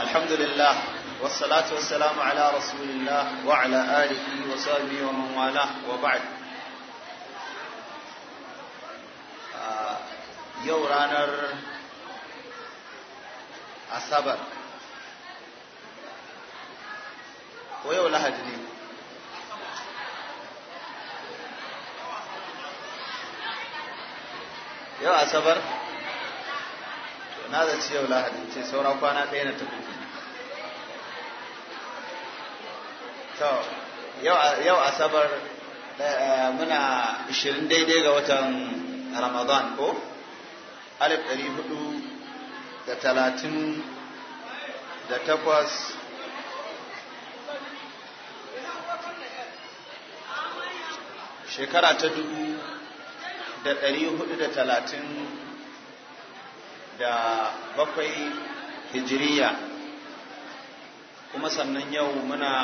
الحمد لله والصلاة والسلام على رسول الله وعلى آله وصحبه ومن والاه وبعد يورانر ranar asabar ko yau lahadi ne yau asabar na zaci yau lahadi ce saura kwana ɗaya na tafi to yau asabar eh, muna 20 daidai ga watan ramadan ko alif ɗari hudu da talatin da takwas shekara ta dubu da ɗari hudu da talatin da bakwai hijiriya kuma sannan yau muna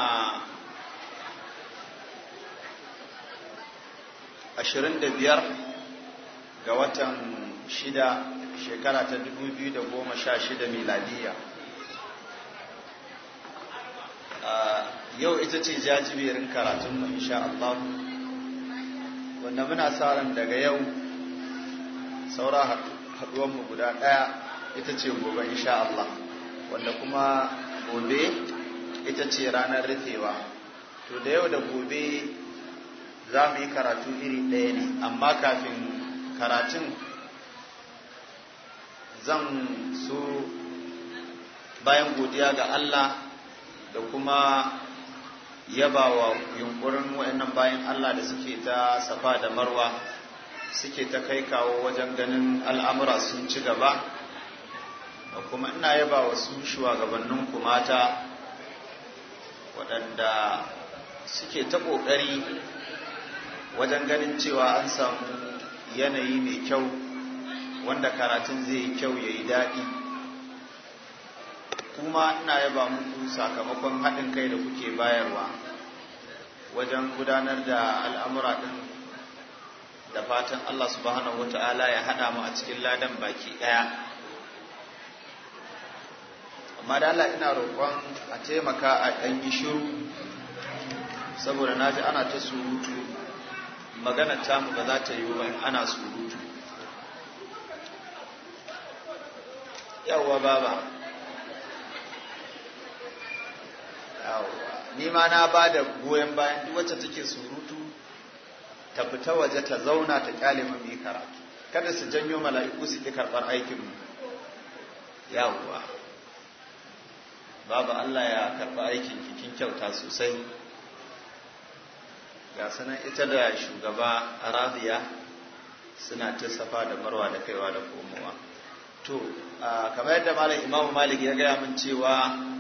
ashirin da biyar ga watan shida shekara ta dubu goma sha shida miladiya yau ita ce jajibirin karatunmu insha Allah wanda muna tsarin daga yau saura mu guda ɗaya ita ce gobe insha Allah wanda kuma gobe ita ce ranar rufewa to da yau da gobe za mu yi karatu iri ɗaya ne amma kafin karatun zan so bayan godiya ga Allah da kuma yabawa wa yunkurin wa'annan bayan Allah da suke ta safa da marwa suke ta kai kawo wajen ganin al'amura sun ci gaba kuma ina yaba wa su shugabannin mata waɗanda suke ta ƙoƙari wajen ganin cewa an samu yanayi mai kyau wanda karatun zai yi kyau ya yi daɗi kuma ina yaba muku sakamakon haɗin kai da kuke bayarwa wajen gudanar da al'amura ɗin da fatan Allah subhanahu Ta'ala ya haɗa mu a cikin ladan baki ɗaya. amma da Allah ina roƙon a taimaka a ɗan yi shiru saboda na ji ana ta surutu ta mu ba za ta yi ba ana surutu yawwa baba yawwa ni ma na ba da goyon bayan duk wacce take surutu ta fita waje ta zauna ta kyale mu yi karatu kada su janyo mala'iku su ki karɓar aikin mu yawwa babu Allah ya karɓi aikin ki kin kyauta sosai ga sanan ita da shugaba Arabiya suna ta safa da marwa da kaiwa da komowa to kamar yadda malam Imam Malik ya gaya min cewa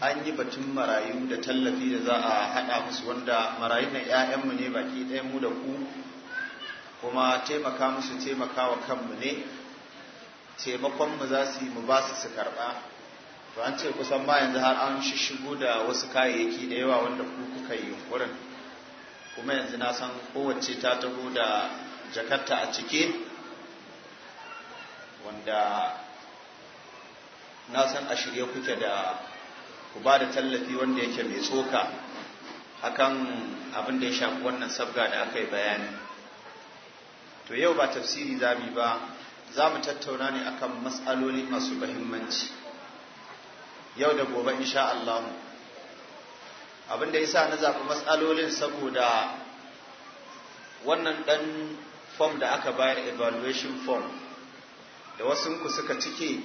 an yi batun marayu da tallafi da za a haɗa musu wanda marayu na 'ya'yanmu ne baki ɗaya mu da ku kuma taimaka musu taimaka wa kanmu ne taimakonmu za su yi mu ba su su karɓa to an ce kusan ma yanzu har an shishigo da wasu kayayyaki da yawa wanda ku kuka yi wurin kuma yanzu na san kowace ta taho da jakarta a cike wanda na san a shirye kuke da ku ba da tallafi wanda yake mai tsoka akan abin da ya shafi wannan sabga da aka yi bayani to yau ba tafsiri za mu ba za mu tattauna ne akan matsaloli masu muhimmanci yau da gobe insha Allah abin da yasa na zafi matsalolin saboda wannan ɗan form da aka bayar evaluation form da wasu suka cike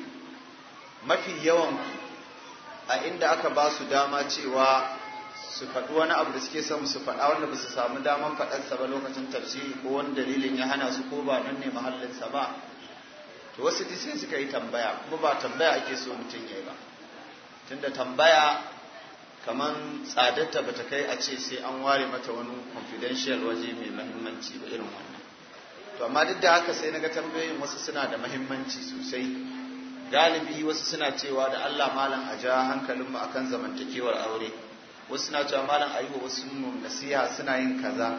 mafi yawan ku a inda aka ba su dama cewa su faɗi wani abu da suke son su faɗa wanda ba su samu daman faɗarsa ba lokacin tafsiri ko wani dalilin ya hana su ko ba nan ne mahallinsa ba to wasu sai suka yi tambaya kuma ba tambaya ake so mutum ya yi ba tunda tambaya kaman tsadarta ba ta kai a ce sai an ware mata wani confidential waje mai mahimmanci ba irin wannan to amma duk da haka sai na ga tambayoyin wasu suna da mahimmanci sosai galibi wasu suna cewa da Allah malam a ja hankalin mu akan zamantakewar aure wasu suna cewa malam ayuba wasu mun nasiha suna yin kaza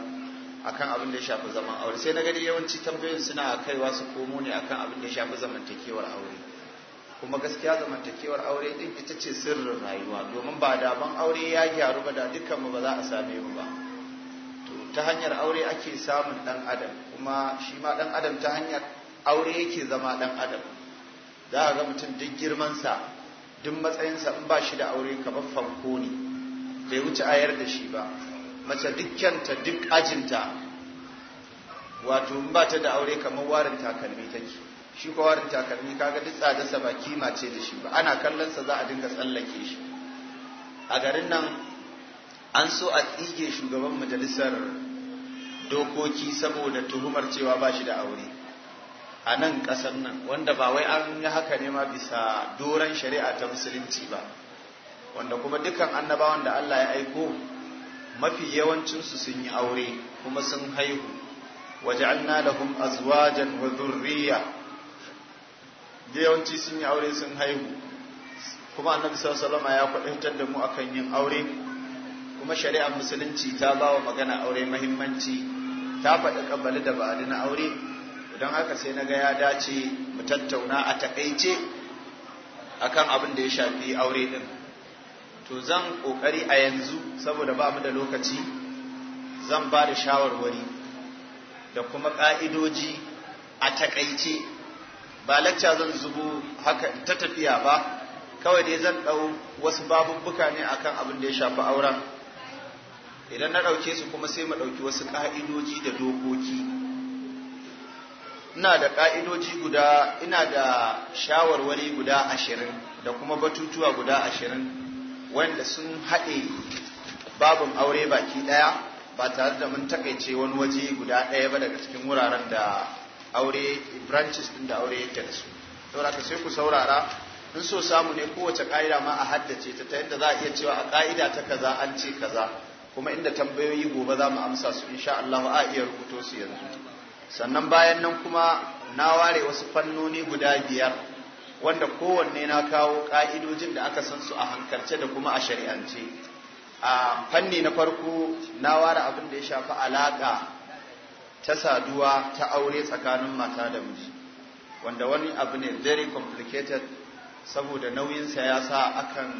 akan abin da ya shafi zaman aure sai na gani yawanci tambayoyin suna kaiwa su komo ne akan abin da ya shafi zamantakewar aure kuma gaskiya zamantakewar aure din ita ce sirrin rayuwa domin ba daban aure ya gyaru ba da dukkan mu ba za a same mu ba to ta hanyar aure ake samun dan adam kuma shi ma dan adam ta hanyar aure yake zama dan adam za a ga mutum duk girmansa duk matsayinsa in ba shi da aure kamar fanko ne bai wuce ayar da shi ba mace dukkanta duk ajinta wato in ba ta da aure kamar warin takalmi take shi ko warin takalmi kaga duk tsadarsa ba kima ce da shi ba ana kallonsa za a dinga tsallake shi a garin nan an so a tsige shugaban majalisar dokoki saboda tuhumar cewa ba shi da aure a nan ƙasar nan wanda ba wai an yi haka ne ma bisa doron shari'a ta musulunci ba wanda kuma dukkan annabawan da Allah ya aiko mafi yawancinsu sun yi aure kuma sun haihu waja'alna lahum azwajan wa dhurriyya da yawanci sun yi aure sun haihu kuma annabi sallallahu ya kwadantar da mu akan yin aure kuma shari'ar musulunci ta ba wa magana aure muhimmanci ta faɗi kabali da ba'adi na aure don haka sai na ga ya dace mu tattauna a takaice akan abin da ya shafi aure din to zan kokari a yanzu saboda ba mu da lokaci zan ba da shawarwari da kuma ka'idoji a takaice ba lacca zan zubo haka ta tafiya ba kawai dai zan ɗau wasu babubbuka ne akan abin da ya shafi auren idan na ɗauke su kuma sai mu ɗauki wasu ƙa'idoji da dokoki ina da ƙa'idoji guda ina da shawarwari guda ashirin da kuma batutuwa guda ashirin wanda sun haɗe babin aure baki ɗaya ba tare da mun takaice wani waje guda ɗaya ba daga cikin wuraren da aure branches ɗin da aure yake da su saboda sai ku saurara in so samu ne kowace ƙa'ida ma a haddace ta ta yadda za a iya cewa a ƙa'ida ta kaza an ce kaza kuma inda tambayoyi gobe za mu amsa su insha Allah a iya rubuto su yanzu sannan bayan nan kuma na ware wasu fannoni guda biyar wanda kowanne na kawo ƙa'idojin da aka san su a hankalce da kuma a shari'ance a fanni na farko na ware abin da ya shafi alaƙa ta saduwa ta aure tsakanin mata da miji wanda wani abu ne very complicated saboda nauyinsa ya sa akan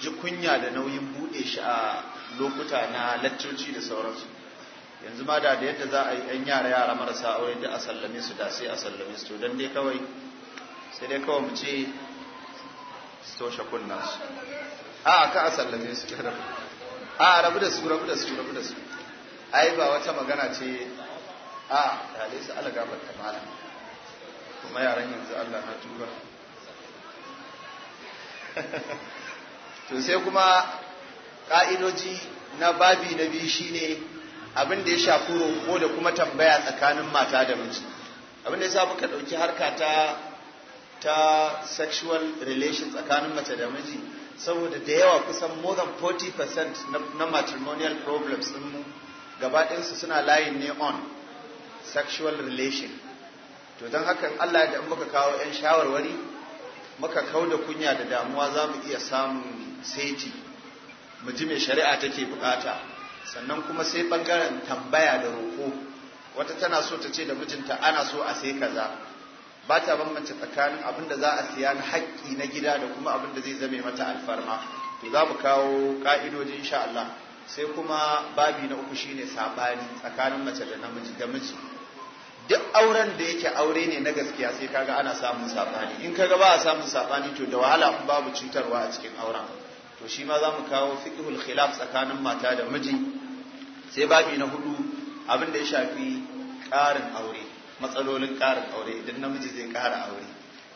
ji kunya da nauyin buɗe shi a lokuta na laccoci da sauransu yanzu ma da yadda za a yi ɗan yara yara marasa aure da a sallame su da sai a sallame su to dai kawai sai dai kawai mu ce su toshe kunna su a ka a sallame su a rabu da su rabu da su rabu da su ai ba wata magana ce a tale su alaga ba ta malam kuma yaran yanzu Allah na tura to sai kuma ka'idoji na babi na biyu shine abin da ya shafi roƙo da kuma tambaya tsakanin mata da miji abin da ya sa muka ɗauki harka ta ta sexual relation tsakanin mace da miji saboda da yawa kusan more than 40% na matrimonial problems mu gaba ɗinsu suna layin ne on sexual relation to don hakan Allah da muka kawo 'yan shawarwari muka kau da kunya da damuwa za mu iya samun seti mu ji mai shari'a take bukata sannan kuma sai bangaren tambaya da roƙo wata tana so ta ce da mijinta ana so a sai kaza ba ta bambance tsakanin abin da za a siya na haƙƙi na gida da kuma abin da zai zame mata alfarma to za mu kawo ƙa'idoji insha Allah sai kuma babi na uku shine saɓani tsakanin mace da namiji da miji duk auren da yake aure ne na gaskiya sai kaga ana samun sabani in kaga ba a samun saɓani to da wahala babu cutarwa a cikin auren to shi ma za mu kawo fiqhul khilaf tsakanin mata da miji sai babi na hudu abinda ya shafi ƙarin aure matsalolin karin aure idan namiji zai ƙara aure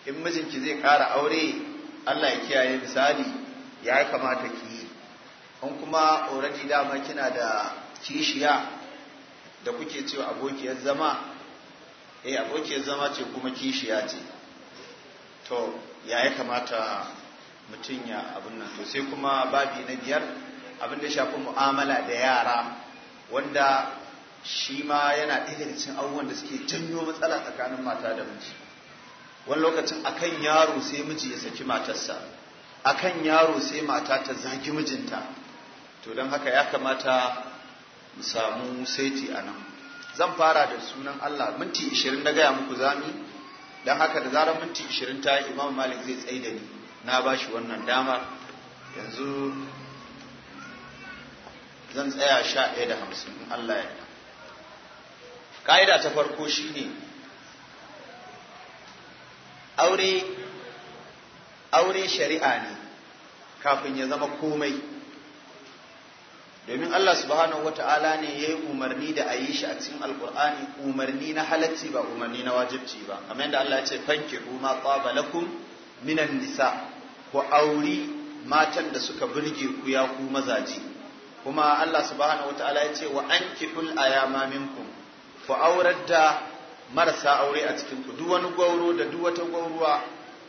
in mijinki zai kara aure Allah ya kiyaye misali ya kamata ki in kuma already dama kina da kishiya da kuke cewa abokiyar zama eh abokiyar zama ce kuma kishiya ce to ya yi kamata mutum ya abin nan to sai kuma babi na biyar abin da shafi mu'amala da yara wanda shi ma yana ɗaya da cin abubuwan da suke janyo matsala tsakanin mata da miji wani lokacin akan yaro sai miji ya saki matarsa akan yaro sai mata ta zagi mijinta to don haka ya kamata mu samu saiti a nan zan fara da sunan Allah minti 20 na gaya muku zami don haka da zarar minti 20 ta imam malik zai tsaye da ni na bashi wannan dama, yanzu zan tsaya sha ɗaya da hamsin in Allah ya ƙa'ida ta farko shine aure aure shari'a ne kafin ya zama komai domin Allah subhanahu Ta'ala ne ya yi umarni da a yi shi a cikin alkur'ani umarni na halacci ba umarni na wajibci ba kamar yadda Allah ya ce fanki ma tsaba lakum minan nisa ku auri matan da suka burge ku ya ku mazaji kuma Allah subhanahu wataala ya ce wa ankihul ayama minkum ku aurar da marasa aure a cikin ku duk wani gwauro da duk wata gwauruwa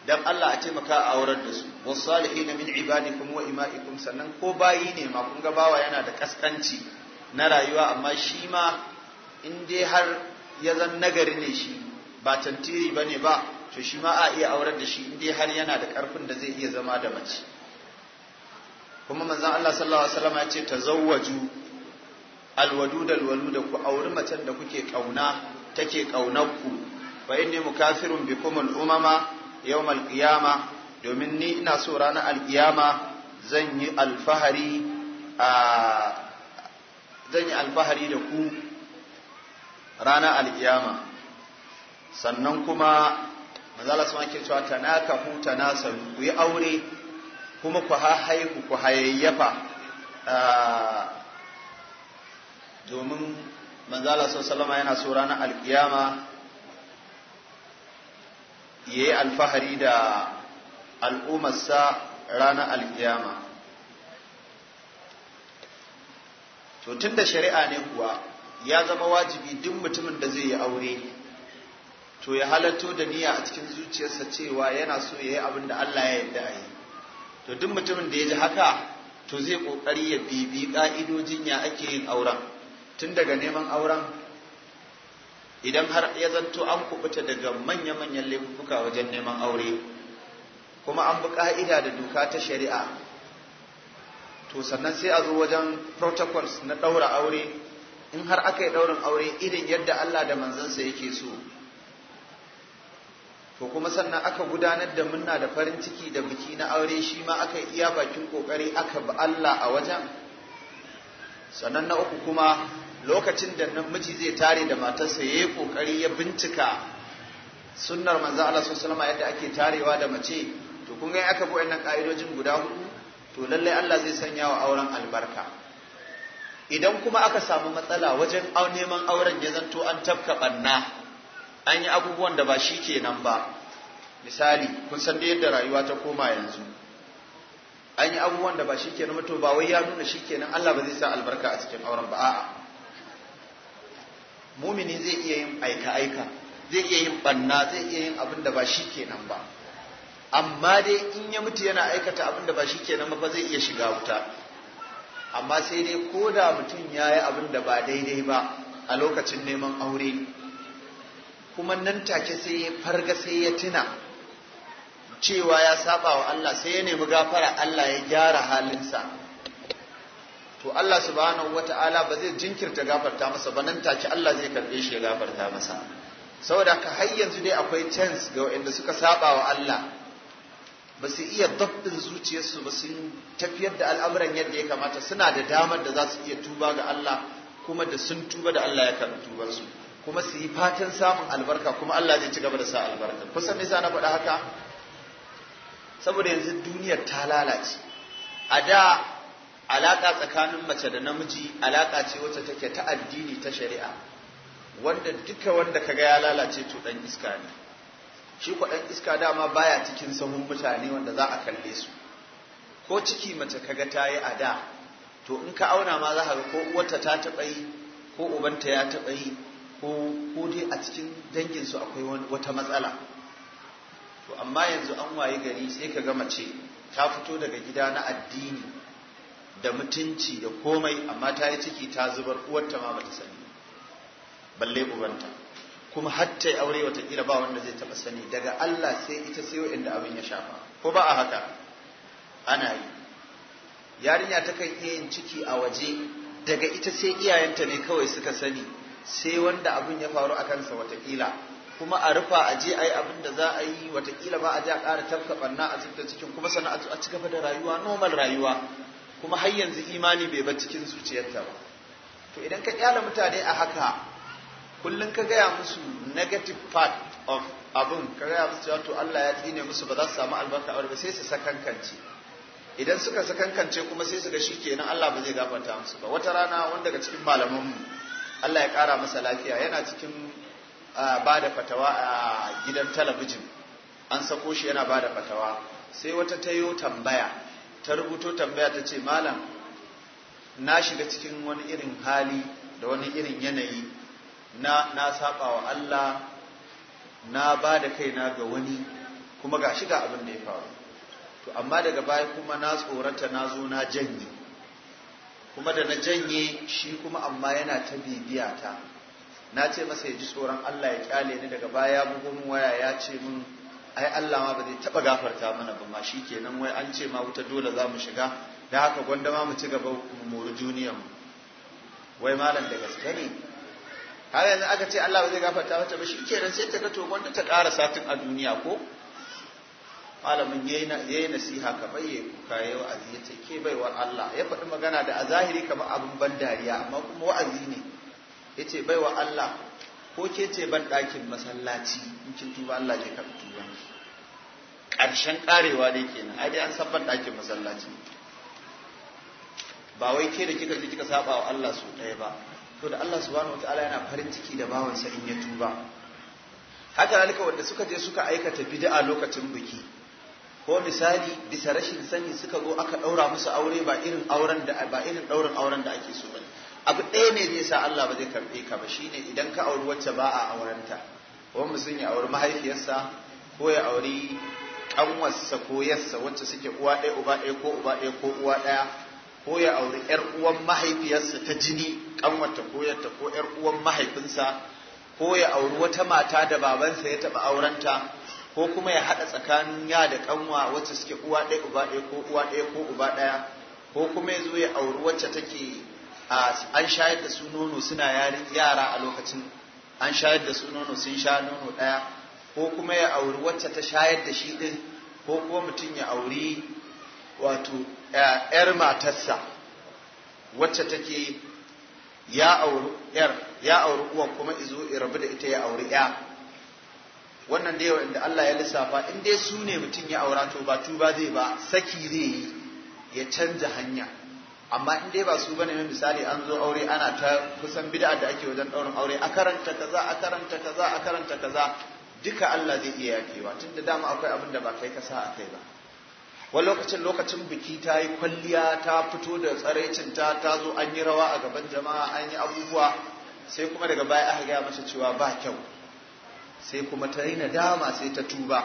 dan Allah a taimaka a aurar da su wasalihin min ibadikum wa ima'ikum sannan ko bayi ne ma kun ga bawa yana da kaskanci na rayuwa amma shi ma in dai har ya zan nagari ne shi ba tantiri bane ba to shi ma a iya aurar da shi in dai har yana da karfin da zai iya zama da mace kuma manzon Allah sallallahu alaihi wasallam ya ce tazawwaju alwadud alwaluda ku auri macen da kuke kauna take kaunar ku fa inni mukafirun bikum al-umama yawm al-qiyama domin ni ina so ranar al zan yi alfahari da ku ranar al sannan kuma manzala sun ake cewa tanaka hu tanasalu ku yi aure kuma ku haihu ku hayayyafa domin manzala sallama yana so ranar alkiyama ya yi alfahari da al'ummarsa ranar alkiyama to tun da shari'a ne kuwa ya zama wajibi duk mutumin da zai yi aure to ya halatto da niyya a cikin zuciyarsa cewa yana so ya yi abin da Allah ya yarda a yi to duk mutumin da ya ji haka to zai kokari ya bibi ka'idojin ya ake yin auren tun daga neman auren idan har ya zanto an kubuta daga manya-manyan laifuka wajen neman aure kuma an bi ka'ida da doka ta shari'a to sannan sai a zo wajen protocols na ɗaura aure in har aka yi ɗaurin aure irin yadda Allah da manzansa yake so to kuma sannan aka gudanar da munna da farin ciki da biki na aure shi ma aka iya bakin kokari aka bi Allah a wajen sannan na uku kuma lokacin da namiji zai tare da matarsa ya yi kokari ya bincika sunnar manzo Allah sallallahu alaihi yadda ake tarewa da mace to kun ga aka bi wannan ka'idojin guda hudu to lalle Allah zai sanya wa auren albarka idan kuma aka samu matsala wajen neman auren ya zanto an tafka banna an yi abubuwan da ba shi kenan ba misali kun san da yadda rayuwa ta koma yanzu an yi abubuwan da ba shi kenan to ba wai ya nuna shi kenan Allah ba zai sa albarka a cikin auren ba a'a mumini zai iya yin aika-aika zai iya yin banna zai iya yin abin da ba shi kenan ba amma dai in ya mutu yana aikata abin da ba shi kenan ba zai iya shiga wuta amma sai dai ko da mutum ya yi abin da ba daidai ba a lokacin neman aure kuma nan take sai ya farga sai ya tuna cewa ya saba wa Allah sai ya nemi gafara Allah ya gyara halinsa to Allah subhanahu wata'ala ba zai jinkirta gafarta masa ba nan take Allah zai karbe shi ya gafarta masa saboda ka har yanzu dai akwai chance ga waɗanda suka saba wa Allah ba su iya dabbin zuciyarsu ba su tafiyar da al'amuran yadda ya kamata suna da damar da za su iya tuba ga Allah kuma da sun tuba da Allah ya karɓi tubarsu kuma su yi fatan samun albarka kuma Allah zai ci gaba da sa albarka kusan nisa na faɗa haka saboda yanzu duniyar ta lalace a da alaƙa tsakanin mace da namiji alaƙa ce wacce take ta addini ta shari'a wanda duka wanda kaga ya lalace to dan iska ne shi ko dan iska dama baya cikin sahun mutane wanda za a kalle su ko ciki mace kaga ta yi a da to in ka auna ma za ka ga ko uwarta ta taɓa yi ko ubanta ya taɓa yi ko dai a cikin danginsu akwai wata matsala to amma yanzu an waye gari sai ka gama ce ta fito daga gida na addini da mutunci da komai amma ta yi ciki ta zubar uwarta ma bata sani balle ubanta kuma hatta ya aure wata watakila ba wanda zai taba sani daga Allah sai ita sai inda abin ya shafa ko ba a haka ana yi yarinya takan iya yin ciki a waje daga ita sai iyayenta ne kawai suka sani sai wanda abin ya faru a kansa watakila kuma a rufa a je a yi abin da za a yi watakila ba a je a ƙara tafka ɓanna a zubta cikin kuma sannan a ci gaba da rayuwa normal rayuwa kuma har yanzu imani bai bar cikin zuciyarta ba to idan ka kyala mutane a haka kullum ka gaya musu negative part of abin ka gaya musu cewa to Allah ya tsine musu ba za su samu albarka a ba sai su sakankance idan suka sakankance kuma sai su ga kenan Allah ba zai gafarta musu ba wata rana wanda daga cikin malaman mu Allah ya ƙara masa lafiya yana cikin ba da fatawa a gidan talabijin an sako shi yana ba da fatawa sai wata ta yi tambaya ta rubuto tambaya ta ce malam na shiga cikin wani irin hali da wani irin yanayi na na saba wa Allah na ba da kaina ga wani kuma ga shiga abin da ya faru to amma daga baya kuma na tsorata na zo na janye kuma da na janye shi kuma amma yana ta bibiya ta na ce masa ya ji tsoron Allah ya kyale ni daga baya bugo waya ya ce min ai Allah ma ba zai taba gafarta mana ba ma kenan wai an ce ma wuta dole za mu shiga da haka gwanda ma mu ci gaba mu mori duniyar wai malam da gaske ne har yanzu aka ce Allah ba zai gafarta mata ba kenan sai ta ga to gwanda ta ƙara satin a duniya ko malamin ya yi nasiha ka bayye kuka yi wa'azi ya ce ke baiwar Allah ya faɗi magana da a zahiri kamar abin ban dariya amma kuma wa'azi ne ya ce baiwar Allah ko ke ce ban ɗakin masallaci in kin tuba Allah zai karɓi tuba ƙarshen ƙarewa ne kenan ai dai an san ban ɗakin masallaci ba wai ke da kika je kika saba wa Allah su ɗaya ba to da Allah subhanahu wataala yana farin ciki da bawansa in ya tuba haka zalika wanda suka je suka aikata bid'a lokacin biki ko misali bisa rashin sani suka zo aka ɗaura musu aure ba irin auren da ba irin ɗaurin auren da ake so bane abu ɗaya ne zai sa Allah ba zai karbe ka ba shine idan ka auri wacce ba a aurenta wani mutum ya auri mahaifiyarsa ko ya auri ƙanwarsa ko yarsa wacce suke uwa ɗaya uba ɗaya ko uba ɗaya ko uwa ɗaya ko ya auri ƴar uwan mahaifiyarsa ta jini ƙanwarta ko yarta ko ƴar uwan mahaifinsa ko ya auri wata mata da babansa ya taɓa aurenta ko kuma ya haɗa tsakanin ya da kanwa wacce suke uwa ɗaya uba ɗaya ko uwa ɗaya ko uba ɗaya ko kuma ya zo ya auri wacce take an shayar da su nono suna yara a lokacin an shayar da su nono sun sha nono ɗaya ko kuma ya auri wacce ta shayar da shi ɗin ko kuma mutum ya auri wato ‘yar matarsa wacce take ya auri ‘yar ya auri uwan kuma izo ya rabu da ita ya auri ‘ya wannan da yawa inda Allah ya lissafa in dai su ne mutum ya aura to ba tuba zai ba saki zai yi ya canza hanya amma in dai ba su bane mai misali an zo aure ana ta kusan bid'a da ake wajen daurin aure a karanta kaza a karanta kaza a karanta kaza duka Allah zai iya yakewa tunda dama akwai abin da ba kai ka sa akai ba wani lokacin lokacin biki ta yi kwalliya ta fito da tsaraicin ta ta zo an yi rawa a gaban jama'a an yi abubuwa sai kuma daga baya aka gaya masa cewa ba kyau sai kuma ta yi nadama sai ta tuba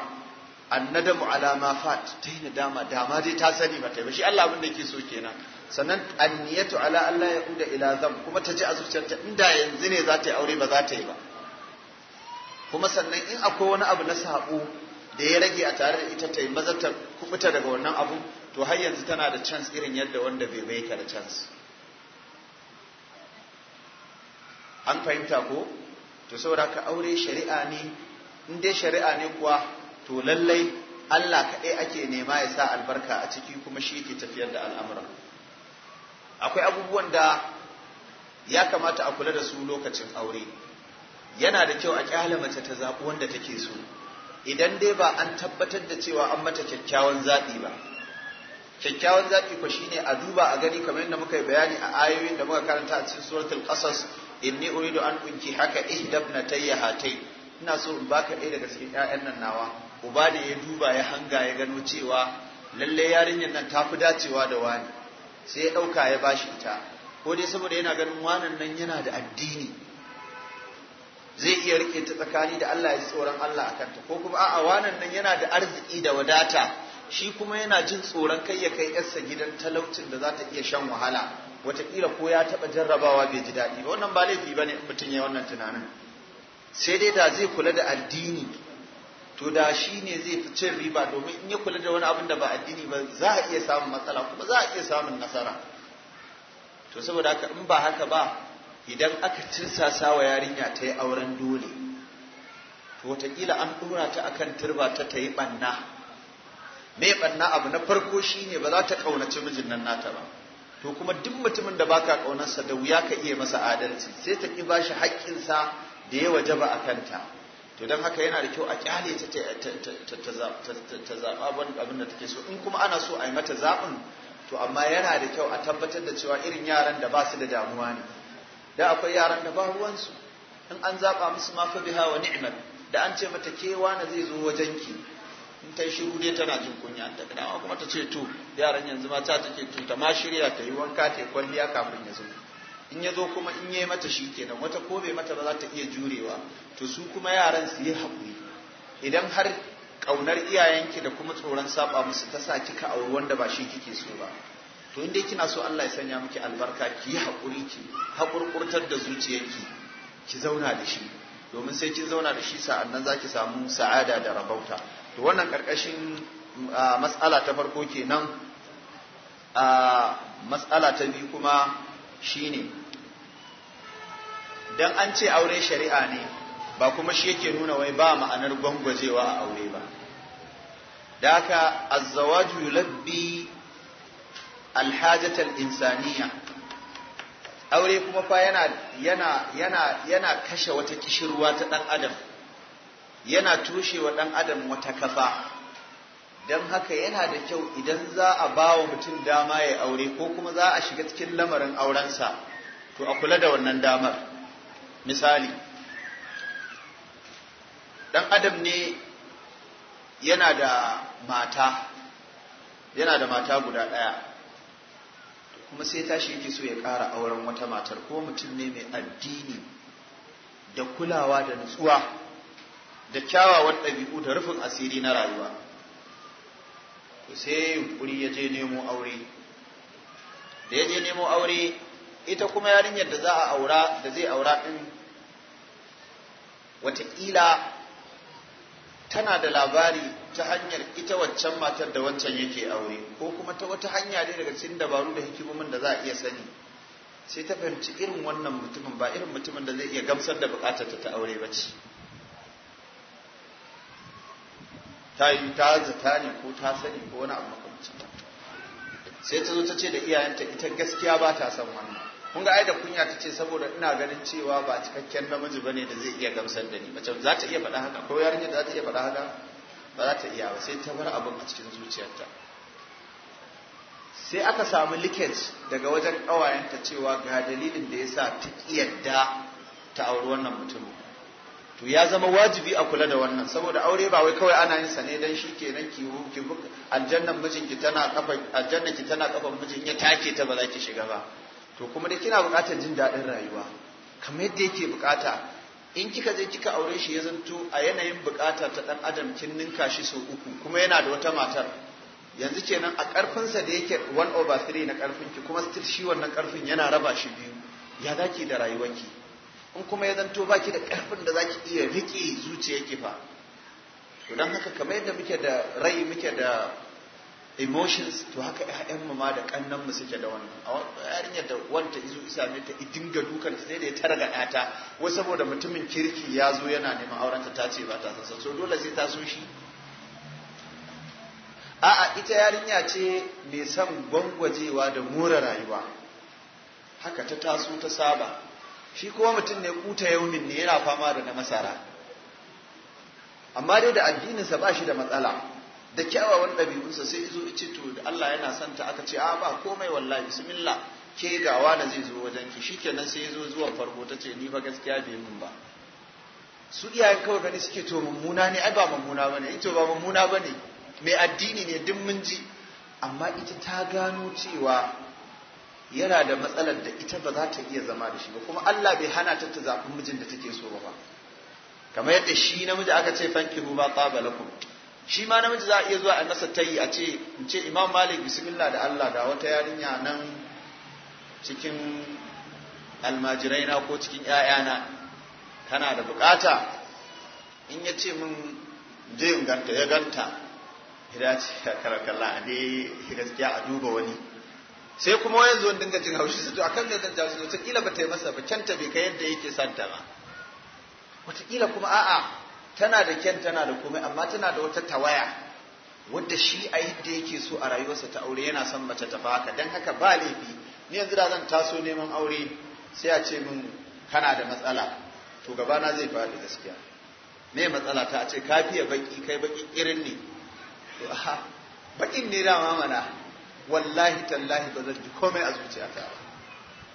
annadamu ala alama fat ta yi nadama dama dai ta sani ba ta ba shi Allah abin da yake so kenan sannan anniyatu ala Allah ya kuda ila zam kuma ta ji a zuciyarta inda yanzu ne za ta yi aure ba za ta yi ba kuma sannan in akwai wani abu na sabo da ya rage a tare da ita ta yi maza ta kubuta daga wannan abu to har yanzu tana da chance irin yadda wanda bai bai yake da chance an fahimta ko to saboda ka aure shari'a ne in dai shari'a ne kuwa to lallai Allah kaɗai ake nema ya sa albarka a ciki kuma shi ke tafiyar da al'amuran akwai abubuwan da ya kamata a kula da su lokacin aure yana da kyau a ƙyale mace ta zaɓi wanda take so idan dai ba an tabbatar da cewa an mata kyakkyawan zaɓi ba kyakkyawan zaɓi ko shine a duba a gani kamar yadda muka yi bayani a ayoyin da muka karanta a cikin suratul qasas inni uridu an unki haka ihdabnatayya hatai ina so in baka ɗaya daga cikin ƴaƴan nan nawa uba da ya duba ya hanga ya gano cewa lalle yarinyar nan tafi dacewa da wani sai ya ɗauka ya bashi ita ko dai saboda yana ganin wanan nan yana da addini zai iya rike ta tsakani da Allah ya ji tsoron Allah a kanta ko kuma a'a wanan nan yana da arziki da wadata shi kuma yana jin tsoron kai ya kai yarsa gidan talaucin da za ta iya shan wahala watakila ko ya taɓa jarrabawa bai ji daɗi ba wannan ba laifi ba ne mutum ya wannan tunanin sai dai da zai kula da addini to da shi ne zai fi cin riba domin in ya kula da wani abin da ba addini ba za a iya samun matsala kuma za a iya samun nasara to saboda haka in ba haka ba idan aka tirsasa wa yarinya ta yi auren dole to wataƙila an ɗora ta akan turba ta ta yi ɓanna me ɓanna abu na farko shine ba za ta ƙaunaci mijin nan nata ba to kuma duk mutumin da baka kaunarsa da wuya ka iya masa adalci sai ta ki bashi haƙƙinsa da ya wajaba a kanta to don haka yana da kyau a kyale ta ta zaɓa abin da take so in kuma ana so a yi mata zaɓin to amma yana da kyau a tabbatar da cewa irin yaran da ba su da damuwa ne da akwai yaran da ba ruwansu in an zaɓa musu ma fa biha wa ni'mat da an ce mata kewa na zai zo wajenki in ta shiru dai tana jin kunya ta dama kuma ta ce to yaran yanzu ma ta take to ta ma shirya ta yi wanka ta kwalliya kafin ya zo in ya zo kuma in yayi mata shi kenan wata ko bai mata ba za ta iya jurewa to su kuma yaran su yi haƙuri idan har ƙaunar iyayenki da kuma tsoron saba musu ta sa kika auri wanda ba shi kike so ba to inda kina so Allah ya sanya miki albarka ki yi haƙuri ki haƙurƙurtar da zuciyarki ki zauna da shi domin sai kin zauna da shi sa'annan zaki samu sa'ada da rabauta to wannan karkashin matsala ta farko kenan a mas'ala ta biyu kuma shine dan an ce aure shari'a ne ba kuma shi yake nuna wai ba ma'anar gwangwajewa a aure ba da haka azzawaju yulabbi alhajatal insaniya aure kuma fa yana yana yana yana kashe wata kishirwa ta dan adam yana tushe wa ɗan adam wata kafa don haka yana da kyau idan za a ba wa mutum dama ya aure ko kuma za a shiga cikin lamarin aurensa to a kula da wannan damar misali ɗan adam ne yana da mata yana da mata guda ɗaya kuma sai tashi yake so ya ƙara auren wata matar ko mutum ne mai addini da kulawa da nutsuwa da kyawawan ɗabi'u da rufin asiri na rayuwa to sai yunkuri ya je nemo aure da ya je nemo aure ita kuma yarinyar da za a aura da zai aura ɗin watakila tana da labari ta hanyar ita waccan matar da wancan yake aure ko kuma ta wata hanya ne daga cikin dabaru da hikimomin da za a iya sani sai ta fahimci irin wannan mutumin ba irin mutumin da zai iya gamsar da bukatar ta aure ba ce ta yi ta zata ne ko ta sani ko wani abu makamancin sai ta zo ta ce da iyayenta ita gaskiya ba ta son wannan kun ga ai da kunya ta ce saboda ina ganin cewa ba cikakken namiji bane da zai iya gamsar da ni mace za ta iya faɗa haka ko yarinya za ta iya faɗa haka ba za ta iya ba sai ta bar abin a cikin zuciyarta sai aka samu liket daga wajen ƙawayenta cewa ga dalilin da ya sa ta ƙi yadda ta auri wannan mutumin to ya zama wajibi a kula da wannan saboda aure ba wai kawai ana yin sa ne dan shi kenan ki ki aljannan mijin ki tana kafa aljannan ki tana kafan mijin ya take ta ba za ki shiga ba to kuma dai kina buƙatar jin daɗin rayuwa kamar yadda yake buƙata in kika je kika aure shi ya zanto a yanayin buƙata ta dan adam kin ninka shi sau uku kuma yana da wata matar yanzu kenan a ƙarfinsa da yake 1 over 3 na ƙarfin ki kuma still shi wannan ƙarfin yana raba shi biyu ya zaki da rayuwarki in kuma ya zanto baki da karfin da zaki iya riƙe ki fa to don haka kamar yadda muke da rai muke da emotions to haka ƴaƴan mu ma da kannan mu suke da wannan a yarinyar da wanta izo isa mai ta idinga dukan sai da ya targa ƴata wai saboda mutumin kirki ya zo yana neman auren ta ce ba ta san so dole sai ta so shi a'a ita yarinya ce mai son gwangwajewa da more rayuwa haka ta taso ta saba shi kuma mutum ne kuta yaumin ne yana fama da na masara amma dai da addininsa ba shi da matsala da kyawawan ɗabi'unsa sai zo ce to da Allah yana santa aka ce a ba komai wallahi bismillah ke gawa na zai zo wajen ki kenan sai zo zuwa farko ta ce ni fa gaskiya bai mun ba su iyayen kawai gani suke to mummuna ne ai ba mummuna bane in eh, to ba mummuna bane mai addini ne duk mun ji amma ita ta gano cewa yana da matsalar da ita ba za ta iya zama da shi ba kuma Allah bai hana ta ta zaɓi mijin da take so ba kamar yadda shi namiji aka ce fanki ruba taba shi ma namiji za a iya zuwa a masa tayi a ce in ce Imam Malik bismillah da Allah ga wata yarinya nan cikin almajirai na ko cikin ‘ya'yana kana da bukata in ya ce min je in ganta ya ganta ya ya karakalla a dai gaskiya a duba wani sai kuma wayan zuwan dinga jin haushi su to akan kan zan jawo su kila ba ta yi masa ba kyanta bai kai yadda yake santa ba wataƙila kuma a'a tana da kyan tana da komai amma tana da wata tawaya wadda shi a yadda yake so a rayuwarsa ta aure yana son mace ta haka dan haka ba laifi ni yanzu da zan taso neman aure sai a ce min kana da matsala to gabana zai faɗi gaskiya me matsala ta a ce ka fiye baki kai baki irin ne to aha bakin ne da mamana wallahi tallahi ba zan ji komai a zuciyata ba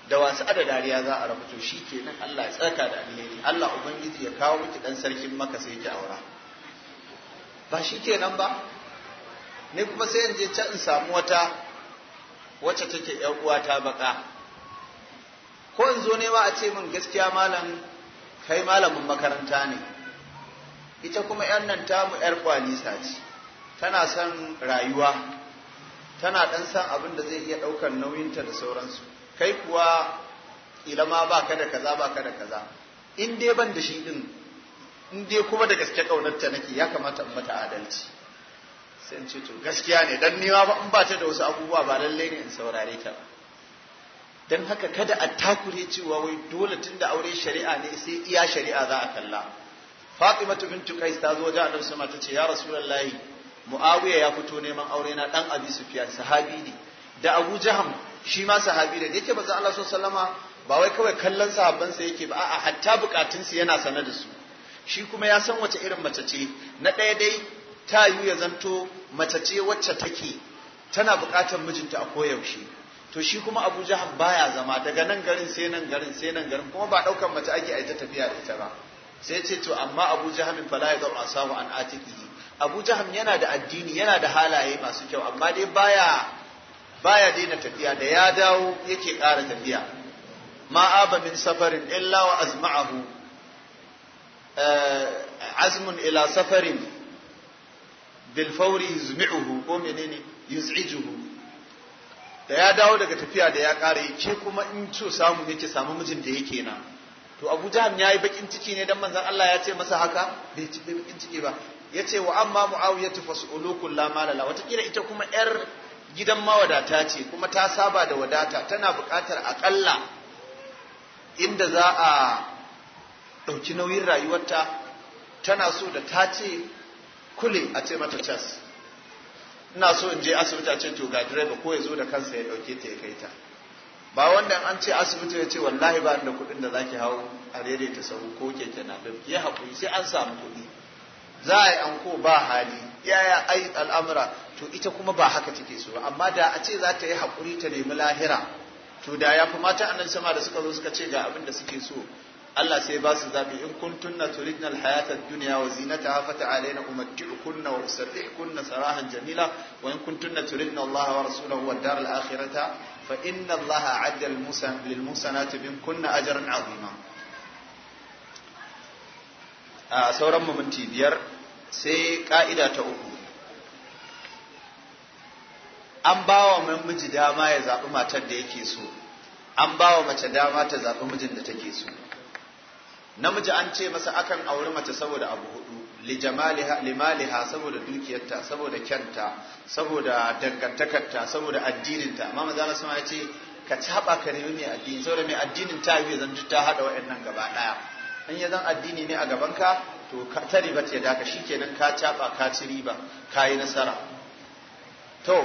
da wasu ada dariya za a rabu to shi kenan Allah ya tsaka da alheri Allah ubangiji ya kawo miki dan sarkin maka sai ki aura ba shi kenan ba ni kuma sai in je can in samu wata wacce take yar uwa ta baka ko in zo ne ma a ce min gaskiya malam kai malamin makaranta ne ita kuma yan nan ta mu yar kwalisa ce tana son rayuwa tana ɗan san abin da zai iya ɗaukar nauyinta da sauransu kai kuwa ila ma ba ka da kaza ba ka da kaza in dai ban da shi ɗin in dai kuma da gaske ƙaunarta nake ya kamata in mata adalci sai in ce to gaskiya ne dan niwa ba in ba ta da wasu abubuwa ba lallai ne in saurare ta ba dan haka kada a takure cewa wai dole tunda aure shari'a ne sai iya shari'a za a kalla Fatimatu bintu Qais ta zo wajen Annabi sama ta ce ya Rasulullahi muawiya ya fito neman aure na dan abi sufyan sahabi ne da abu jaham shi ma sahabi ne da yake bazan Allah wasallama ba wai kawai kallon sahabban sa yake ba a'a hatta bukatun su yana sane da su shi kuma ya san wace irin mace ce na ɗaya dai ta yi ya zanto mace ce wacce take tana bukatar mijinta a koyaushe to shi kuma Abu baya zama daga nan garin sai nan garin sai nan garin kuma ba daukan mace ake aita tafiya da ita ba sai ce to amma Abu Jahal fala ya yadur asahu an atiqihi abu jaham yana da addini yana da halaye masu kyau amma dai baya baya daina tafiya da ya dawo yake ƙara tafiya ma aba min safarin illa wa azma'ahu eh, azmun ila safarin bil fawri yuzmi'uhu ko menene yuz'ijuhu da ya dawo daga tafiya da ya ƙara yake kuma in so samu yake samu mijin da yake na to abu jaham yayi bakin ciki ne dan manzon Allah ya ce masa haka bai ci bakin ciki ba ya ce wa amma muawiyatu fasulukul la lamalala, watakila ita kuma yar gidan mawadata ce kuma ta saba da wadata tana buƙatar akalla inda za a ɗauki nauyin rayuwarta tana so da ta ce kule a ce mata cas ina so in je asibiti a ce to ga direba ko ya zo da kansa ya ɗauke ta ya kai ta ba wanda an ce asibiti ya ce wallahi ba da kuɗin da zaki hau a daidaita sahu ko keke na ya haƙuri sai an samu kuɗi za a yi anko ba hali yaya ai al'amura to ita kuma ba haka take so amma da a ce za ta yi haƙuri ta nemi lahira to da ya fi mata annan sama da suka zo suka ce ga abin da suke so Allah sai ba su zabi in kuntunna turidna alhayata ad-dunya wa zinataha na umatti'ukunna kun na sarahan jamila wa in kuntunna turidna Allah wa rasulahu wad dar al-akhirata fa inna Allah 'adda lil kun na ajran 'azima a sauran minti biyar sai ƙa'ida ta uku an ba wa namiji dama ya zaɓi matar da yake so an ba wa mace dama ta zaɓi mijin da take so namiji an ce masa akan auri mace saboda abu hudu limaliha saboda dukiyarta saboda kyanta saboda dangantakarta saboda addininta amma maza sama ya ce ka caɓa ka nemi mai addini saboda mai addinin ta yi zan ta haɗa nan gaba ɗaya in ya zan addini ne a gabanka to ta riba ta daka shikenan ka caba ka ci riba ka yi nasara to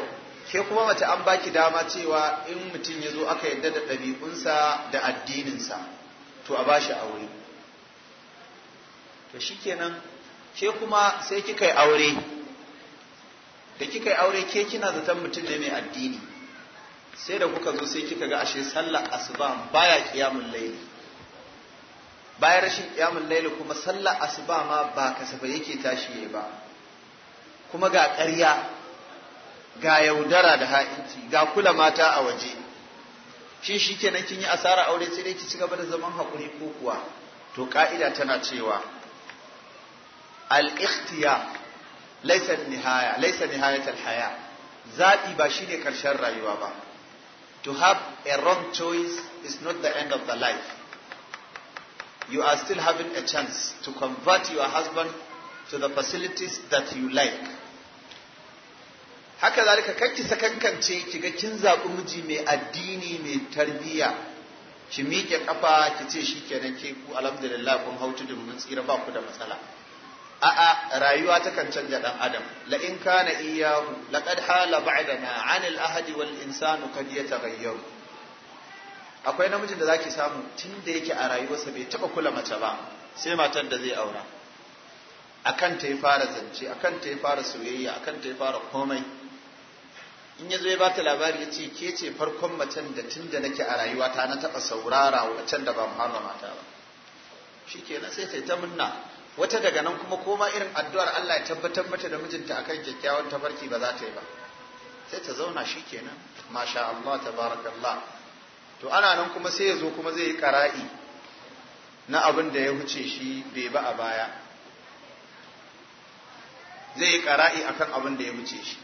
ke kuma mace an baki dama cewa in mutum ya zo aka yadda da ɗabi'unsa da addininsa to a bashi aure to shikenan ke kuma sai kika yi aure da kika yi aure ke kina zaton mutum ne mai addini sai da kuka zo sai kika ga ashe sallar asuba baya kiyamun laili bayan rashin ƙiyamun laila kuma sallar asuba ma ba kasafa yake tashi ba kuma ga ƙarya ga yaudara da ha'inci ga kula mata a waje shi shi kenan kin yi asara aure sai dai ki ci gaba da zaman haƙuri ko kuwa to ƙa'ida tana cewa al-ikhtiya laysa nihaya laysa nihayatul haya zabi ba shine karshen rayuwa ba to have a wrong choice is not the end of the life you are still having a chance to convert your husband to the facilities that you like. Haka zalika kanki sakankance ga kin zaɓi miji mai addini mai tarbiyya ki miƙe ƙafa ki ce shi kenan ke ku alhamdulillah kun hau tudun mun tsira ba ku da matsala. A'a rayuwa takan canja ɗan adam la in kana iyahu laqad hala ba'dana 'anil ahadi wal insanu kad yataghayyaru akwai namijin da zaki samu tun da yake a rayuwarsa bai taba kula mace ba sai matan da zai aura akan ta ya fara zance akan ta ya fara soyayya akan ta ya fara komai in ya zo ya bata labari ya ce ke ce farkon macen da tun da nake a rayuwata na taba saurara macen da ba mu hana mata ba shikenan sai ta ta munna wata daga nan kuma koma irin addu'ar Allah ya tabbatar mata da mijinta akan kyakkyawan tafarki ba za ta yi ba sai ta zauna shikenan masha Allah tabarakallah to ana nan kuma sai ya zo kuma zai yi ƙara'i na abin da ya wuce shi bai ba a baya zai yi ƙara'i akan abin da ya wuce shi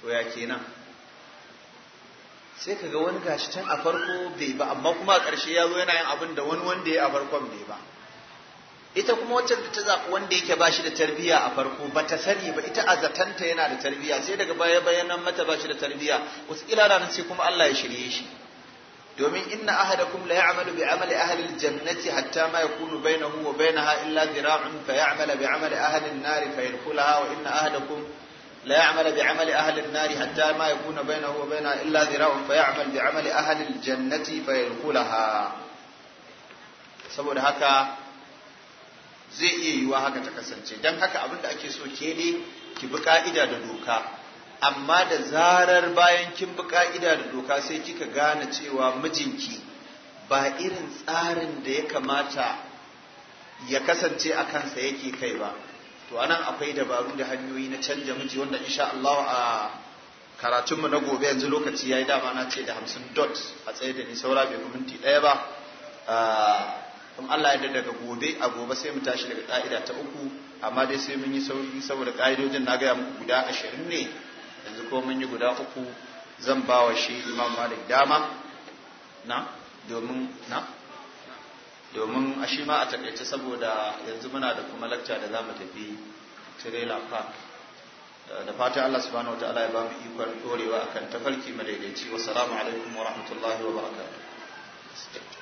to ya kenan sai kaga wani gashi can a farko bai ba amma kuma a ƙarshe ya zo yana yin abin da wani wanda ya a farkon bai ba ita kuma wacce da ta zaɓi wanda yake ba shi da tarbiyya a farko ba ta sani ba ita a zatanta yana da tarbiyya sai daga baya bayanan mata ba shi da tarbiyya wasu ranar sai kuma Allah ya shirye shi domin inna ahadakum la ya'malu bi amali ahli aljannati hatta ma yakunu bainahu wa bainaha illa dhira'un fa ya'malu bi amali ahli an-nar fa yadkhulaha wa inna ahadakum la ya'malu bi amali ahli an-nar hatta ma yakuna bainahu wa bainaha illa dhira'un fa ya'malu bi amali ahli al-jannati fa yadkhulaha saboda haka zai iya yiwa haka ta kasance don haka abin da ake so ke ne ki bi ka'ida da doka amma da zarar bayan kin bi ka'ida da doka sai kika gane cewa mijinki ba irin tsarin da ya kamata ya kasance a kansa yake kai ba to anan akwai dabaru da hanyoyi na canja miji wanda insha Allah a karatunmu na gobe yanzu lokaci ya yi dama na ce da hamsin dot a tsaye da ni saura bai minti ɗaya ba ah, in Allah ya daga gobe a gobe sai mu tashi daga ka'ida ta uku amma dai sai mun yi sauri saboda ka'idojin na gaya muku guda ashirin ne yanzu ko mun yi guda uku zan ba wa shi imam malik dama na domin na domin a shi ma a takaice saboda yanzu muna da kuma lakta da za mu tafi tirela park da fatan Allah subhanahu wataala ya ba mu ikon dorewa akan tafarki madaidaici wa salamu alaikum wa rahmatullahi wa barakatuh